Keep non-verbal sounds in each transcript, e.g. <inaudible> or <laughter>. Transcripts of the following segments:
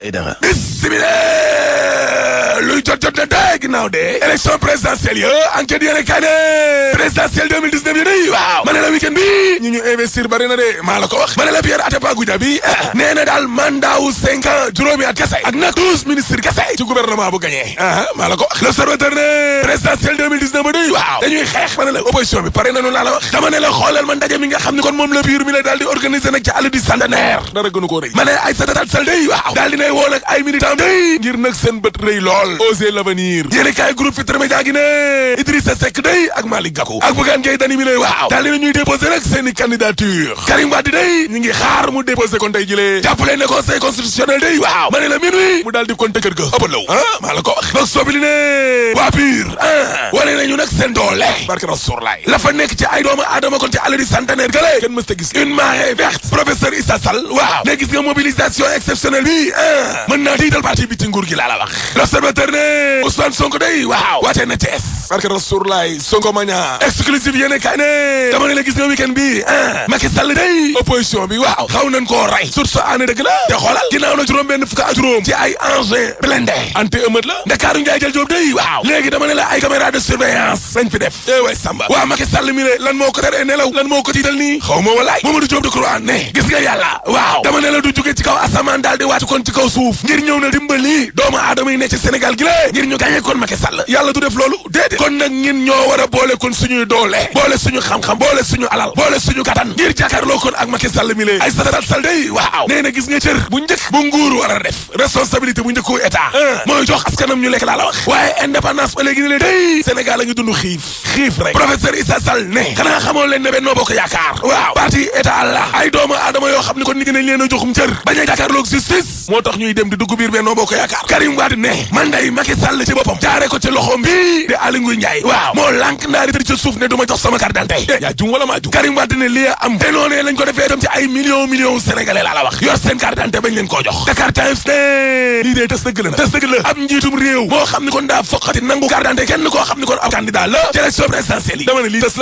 枝が。うっすみだー yu ma ne la week-end bi ñu ñu investir bari na de maa la ko wax ma ne la Pierre Atepa Goudiaby eh, nee na daal mandat wu cinq ans juróomi at kese ak nag douze ministres kese ci bu gagné ah, a maa ko la opposition bi pare nañu laa la wax daal di organiser nag ay sa datal sal ngir nag bët rëy lool oser l'avenir yéen kaay groupe Futurs Médias gi ne Idrissa Seck day ak i candidature Karim Wade day ñu ngi xaar mu déposé kon tey jilee ma ne la minuit mu ah, ah, ci ay doomu aadama kon ci àll di centenaire gale kenn mës ta gis une marée verte professeur Issa Sall waaw ne gis nga mobilisation exceptionnelle bi ah mën naa diital parti bi ci nguur gi laa la wax l'observateur ne Ousmane Sonko day waaw waatee na Thiès ah. day opposition bi waaw xaw nañ koo rey surtout année dëgg la te xoolal ginnaaw na juróom benn fukk ak juróom ci ay engin blindé ante ëmët la Ndakaaru Njaay joob day waaw dama ne la ay caméra de surveillance lañ fi def eh way Samba waaw Macky Sall mi ne lan moo ko teree nelaw lan moo ko tiital ma walaay Mamadou Diop Decroix ne gis nga yàlla waaw dama ne la du jóge ci kaw asamaan daal di wàcc kon ci kaw suuf ngir ñëw na dimbali doomu aadama yi ne clé ngir ñu gàñe kon Macky Sall yàlla du def loolu déedéet kon nag ñin ñoo war a boole kon suñuy doole boole suñu xam-xam boole suñu alal boole suñu kattan ngir jàkkaarloo kon ak Macky Sall mi lee ay satatal sal day waaw nee na gis nga cër bu njëkk bu nguur war a def responsabilité bu njëkku état mooy jox askanam ñu lekk laa la wax waaye indépendance ba léegi ne leen day Sénégal a ngi dund xiif xiif rek professeur Issa Sall ne xanaa xamoo leen ne la ay doomu yoo xam ne kon nit ñi nañ a joxum ñuy dem di dugg biir Benno Bokk tey Macky Sall ci boppam jaare ko ci loxoom bii di Aly Ngouille waaw moo lànk naa di ci suuf ne du ma jox sama carte eh, yaa jum wala maa jum Karim Wade ne am te lañ ko defee ci ay millions millions sénégalais laa wax yor seen carte bañ leen koo jox Dakar Times ne lii dee tës dëgg la tës njiitum réew moo xam ni kon daa foqati nangu carte kenn koo xam ni kon ab candidat la ci élection présidentielle yi dama ne lii tës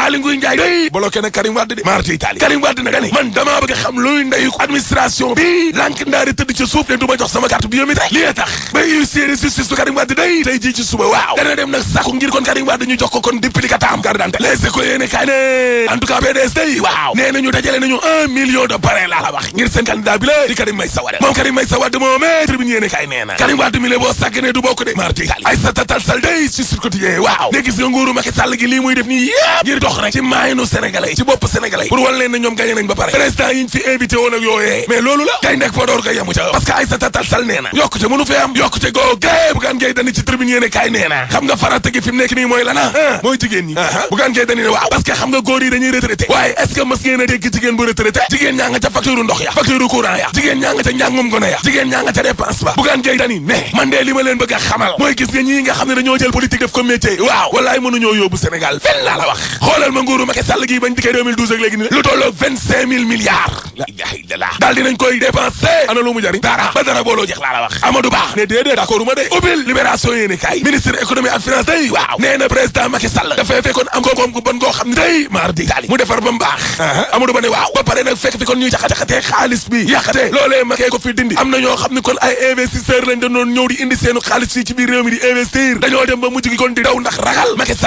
la Ndiaye day bloqué na Karim Wade di marti Italie Karim Wade na dem nag sàkku ngir kon Karim Wade ñu jox ko kon duplicataam carte d'identité les écoles yéene kaay ne en tout day waaw nee nañu dajale nañu un million de parrain laa la wax ngir seen candidat bi la di Karim Meïssa Wade moom Karim Meïssa Wade moomee eh, tribune yéene kaay nee na Karim Wade mi boo sàggane du bokk de marti Italie ay sa tatal sal day ci Sud Quotidien waaw ne gis nga nguuru Macky Sall gi lii muy maayanu sénégalais ci bopp sénégalais pour wan leen ñoom gañe ba pare président yiñ fi invité woon ak yooyee loolu la kay ndek Podor ga ca parce que Aïssata Tall Sall nee na yokkute mënu fee am yokkute goo gay bugaan gay dani ci tribune yéene kaay xam nga farata gi fi mu nekk nii mooy lana ah? ah. mooy jigéen ñi ah. a dégg bugaan gay dani ne man dee li ma leen xamal mooy gis ñi nga xam ne dañoo jël politique def ko métier waaw wallaay mënuñoo yóbbu Sénégal fenn laa nguuru Macky Sall gii bañ dikkee 2012 ak léegi ni lu tolloo vingt-cinq mille milliards la ilaha illallah daal dinañ ana lu mu jariñ dara ba dara booloo jeex laa la wax Amadou Ba ne déedéet d'accord ma de defar ba baax uh-huh. Amadou Ba ne waaw ba pare nag fekk fi kon ñuy jaxa-jaxatee xaalis bi yàqate loolee Macky ko fi dindi am na ñoo xam ne kon ay investisseur lañ da noon ñëw di indi seenu xaalis fii ci biir réew mi di investir dañoo dem ba mujj gi kon di daw ndax ragal Macky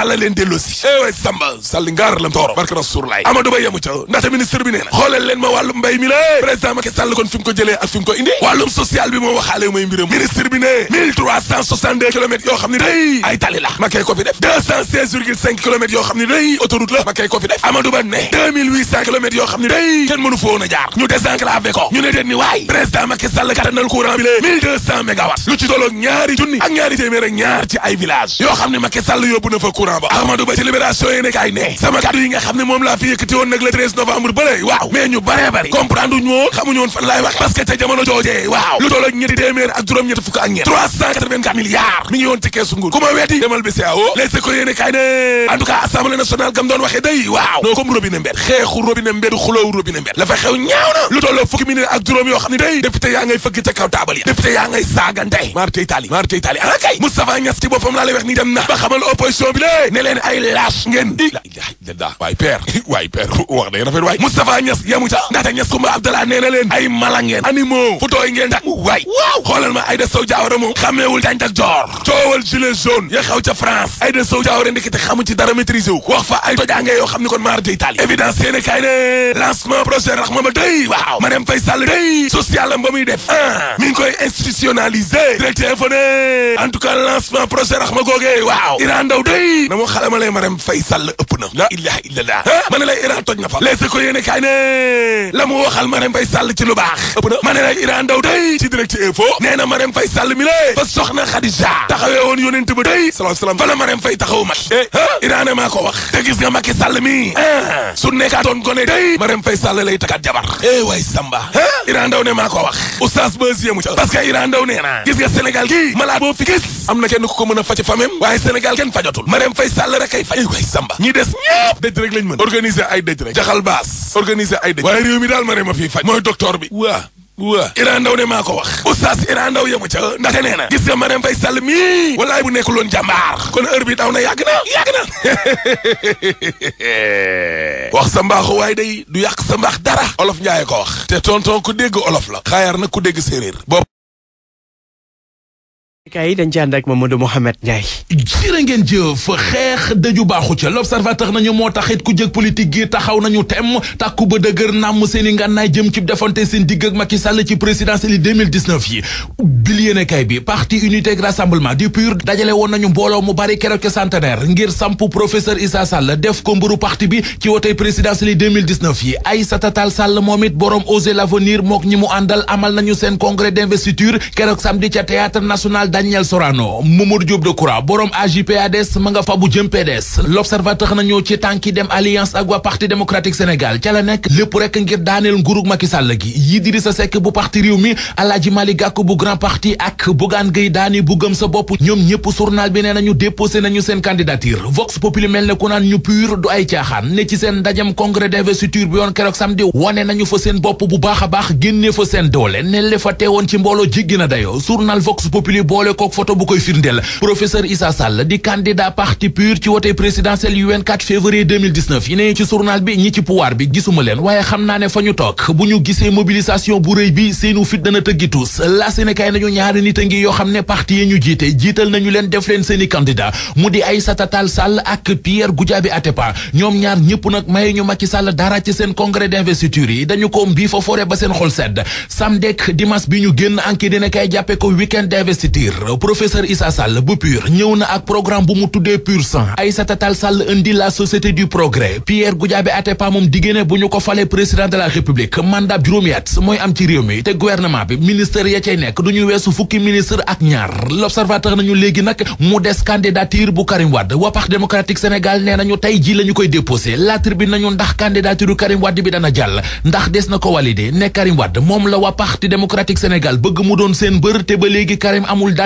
lam tooro barke rasulullaay Amadou Ba yemu ca ndaxte ministre bi nee na xoolal leen ma wàllum mbéy mi la président Macky Sall kon fi mu ko jëlee ak fi ko indi wàllum social bi moo waxaale mooy mbiram ministre bi ne 1362 kilomètres yoo xam ne day ay tali la ma koy ko fi def 216 virgule 5 kilomètres yoo xam ne day autoroute la ma koy ko fi Ba ne 2800 kilomètres yoo xam ne yoo xam ne Macky Sall yóbbu na fa courant ba kaddu yi nga xam ne moom laa fi yëkkati woon nag le 13 novembre bële waaw mais ñu baree bari comprendre ñu woon xamuñu woon fan laay wax parce que ca jamono joojee waaw lu toll ak ñetti téeméer ak juróom-ñetti fukk ak ñeent 384 milliards mi ngi woon ci keesu nguur ku ma weeti demal bi CAO les seco yéene kaay ne en tout cas assemblée nationale gam doon waxee day waaw noo comme robinet mbedd xeexu robinet mbedd xuloowu robinet mbedd la fa xew ñaaw na lu toll ak fukki minute ak juróom yoo xam ne day député yaa ngay fëgg ca kaw taabal yi député yaa ngay saagante marte itali marte itali ana ah kay Moustapha Niass ci boppam laa lay wax ni dem na ba xamal opposition bi lé ne leen ay lâche ngeen daa waay père <laughs> waay père <laughs> wax day a waay Moustapha Niass yamu ca ndaxte Niass Koumba Abdallah nee na leen ay mala ngeen animaux fu tooy ngeen tak waay waaw xoolal ma Aïda Sow Diawara moom xameewul jant ak joor coowal gilet jaune ya xaw ca France Aïda Sow Diawara ndekete xamu ci dara wax fa ay tojange yoo xam ni kon maar day taali évidence yéene kay ne projet Rahma ba day waaw Marème Faye Sall day social am ba muy ah. koy institutionnaliser directeur info ne en ilaha illallah ma ne na fa les ko yéene kaay la mu waxal Marème Faye Sall ci lu baax ëpp na ma ne la Iran daw day ci direct info nee na Marème Faye Sall mi lée fa soxna Khadija taxawee woon yónent ba day salaam salaam fa la Marème Faye taxaw mat eh ne maa ko wax te gis nga Macky Sall mi ah su nekkaatoon gone day Marème Faye Sall lay takkaat jabar eh waay Samba Iran daw ne maa ko wax oustaz Beuze yemu ca parce que Iran daw nee na gis nga Sénégal gi malade boo fi gis am na kenn ku ko mën a faj famem waaye Sénégal kenn fajatul Marème Faye Sall rek ay faj ay waay Samba des ñëpp dëj rek lañ mën organiser ay dëj rek jaxal baas organiser ay dëj waaye réew mi daal Marème a fii faj mooy docteur bi waa waa Iran Ndaw ne maa ko wax oustaz Iran Ndaw yemu ca ndaxte nee na gis nga Marème Faye Sall mii walaay bu nekkul woon jàmbaar kon heure bi daw na yàgg na <laughs> sa mbaaxu waaye day du yàq sa mbaax dara olof Njaay ko wax te tonton ku dégg olof la xaayaar nag ku dégg séeréer kay dañ ci ànd ak Mamadou Mouhamed ngeen jëf xeex daju baaxu ca l'observateur nañu moo taxit ku jëg politique gi taxaw nañu tem tàkku ba dëgër nàmm seen i ngànnaay jëm ci defante seen digg ak Macky Sall ci présidentielle yi yi biliyéene kay bi parti unité rassemblement du PUR dajale woon nañu mbooloo mu bari keroog ca centenaire ngir samp professeur Issa Sall def ko mburu parti bi ci wotey présidentielle yi 2019 yi Aïssata Tall Sall moom it borom Osez l'avenir mook ñi mu àndal Daniel Sorano Mamadou Diop Decroix borom AJ/PADS ma nga fa bu jëm PDS l'observateur nañu ci tànki dem alliance ak waa parti démocratique Sénégal ca la nekk lépp rek ngir daaneel nguurug Macky gi yi Idrissa Seck bu parti réew mi Alaaji Malick Gakou bu grand parti ak Bougane Gueye Dany bu sa bopp ñoom ñëpp journal bi nee nañu déposé nañu seen candidature Vox Populi mel ne ku naan ñu pur du ay caaxaan ne ci seen ndajem congrès d'investiture bi yoon keroog samedi wane nañu fa seen bopp bu baax a baax génnee fa seen doole ne le fa boole nañu ñaari nit a ngi yoo xam ne parti yi ñu jiite jiital nañu leen def leen seeni candidat mu di Aïssata Tall Sall ak Pierre Goudiaby Atepa ñoom ñaar ñëpp nag may ñu Macky Sall dara ci seen congrès d'investiture yi dañu ko mbii fa ba seen xol sedd samdek dimanche bi ñu génn anki dina jàppe ko week d'investiture PUR professeur Issa Sall bu PUR ñëw na ak programme bu mu tuddee PUR 100 Aïssata Tall Sall indi la société du progrès Pierre Goudiaby Atepa moom diggéene bu ñu ko falee président de la république mandat juróomi mooy am ci réew mi te gouvernement bi ministère ya cay nekk du weesu fukki ministre ak ñaar l'observateur nañu léegi nag mu des candidature Karim Wade waa Parti démocratique Sénégal nee nañu tey ji la koy déposé la tribune nañu ndax candidature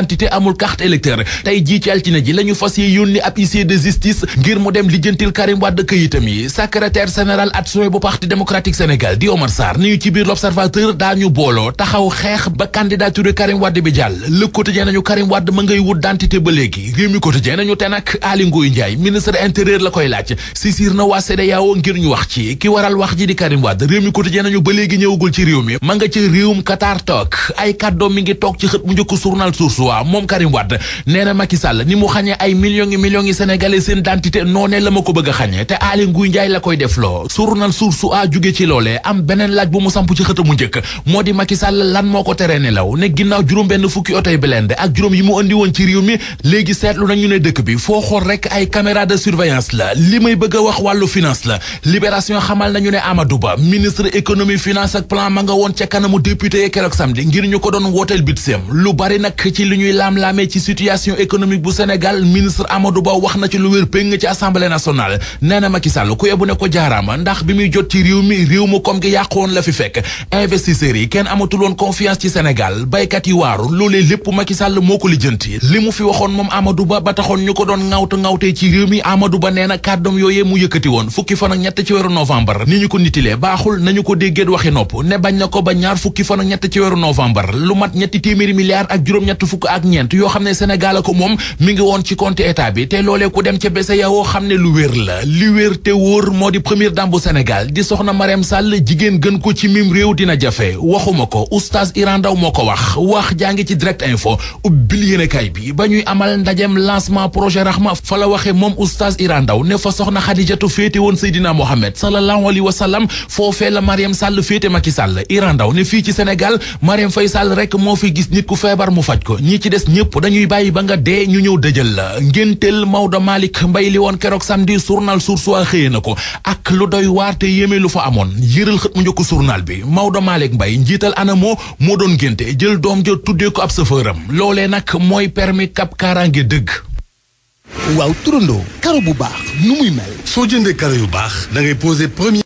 d'identité amul carte électeur tey jii altine ji la ñu fas yi yónni ab huissier de justice ngir mu dem lijjantil Karim Wade këyitam yi secrétaire général adjoint bu parti démocratique Sénégal di Omar Sarr ni ñu ci biir l'observateur daañu booloo taxaw xeex ba candidature Karim Wade bi jàll Le Quotidien nañu Karim Wade ma ngay wut d'identité ba léegi réew mi Quotidien nañu te nag Aly Ngouille Ndiaye ministre intérieur la koy laaj sisir na waa CEDEAO ngir ñu ba léegi ñëwagul ci réew mi ma nga ci mi ngi toog ci xët mu droit moom Karim Wade nee na Macky Sall ni mu xañee ay millions yi millions yi sénégalais seen identité noonee la ma ko bëgg a xañee te Aly Ngouille Ndiaye la koy def loo journal Source A jóge ci loolee am beneen laaj bu mu samp ci xëtamu njëkk moo di Macky Sall lan moo ko teree nelaw ne ginnaaw juróom benn fukki otoy belende ak juróom yi mu andi woon ci réew mi léegi seetlu nañu ne dëkk bi foo xool rek ay caméra de surveillance la li may bëgg a wax wàllu finance la libération xamal nañu ne Amadou Ba ministre économie finance ak plan ma nga woon ca kanamu député keroog samedi ngir ñu ko doon wooteel bit bi ñuy laam-laamee ci situation économique bu Sénégal ministre Amadou Ba wax na ci lu wér péng ci assemblée nationale nee na ku yebu ne ko jaaraama ndax bi muy jot ci réew mi réew mu koom gi yàqu woon la fi fekk investisseurs yi kenn amatul woon confiance ci Sénégal baykat yi waaru loolee lépp Macky Sall moo ko lijjanti li mu fi waxoon moom Amadou Ba ba taxoon ñu ko doon ŋawtu ŋawtee ci réew mi Amadou Ba nee na kàddoom yooyee mu yëkkati woon fukki fan ak ñett ci weeru novembre ko nitilee baaxul nañu ko déggéet waxi na ko ba ñaar fukki fan ak ñett ci weeru novembre lu fukk ak ñeent yoo xam ne Sénégal ko moom mi ngi woon ci compte état bi te loolee ku dem ca BCEAO yoo xam ne lu wér la li wér te wóor moo di première dame bu Sénégal di soxna Marème Sall jigéen gën ko ci mim réew dina jafe waxuma ko oustaz Iran Ndaw moo ko wax wax jaa ngi ci direct info ubbil yéenekaay bi ba ñuy amal ndajem lancement projet Rahma fa la waxee moom oustaz Iran Ndaw ne fa soxna Xadijatu féete woon Seydina Mohamed sallallahu alayhi wa sallam foofee la Marème Sall féete Macky Sall Iran Ndaw fii ci Sénégal Marème Faye Sall rek moo fi gis nit ku feebar mu faj ñi ci des ñëpp dañuy bàyyi ba nga dee ñu ñëw dëjël la ngénteel Maodo Malick mbay li woon keroog samedi journal Source A xëye na ko ak lu doy waar te yéeme lu fa amoon yëral xët mu njëkk journal bi Maodo Malick mbay njiital ANAMO moo doon ngénte jël doom ja tuddee ko ab sëfëram loolee nag mooy permis kap kaaraange dëgg waaw turandoo karo bu baax nu muy mel soo jëndee karo yu baax da ngay premier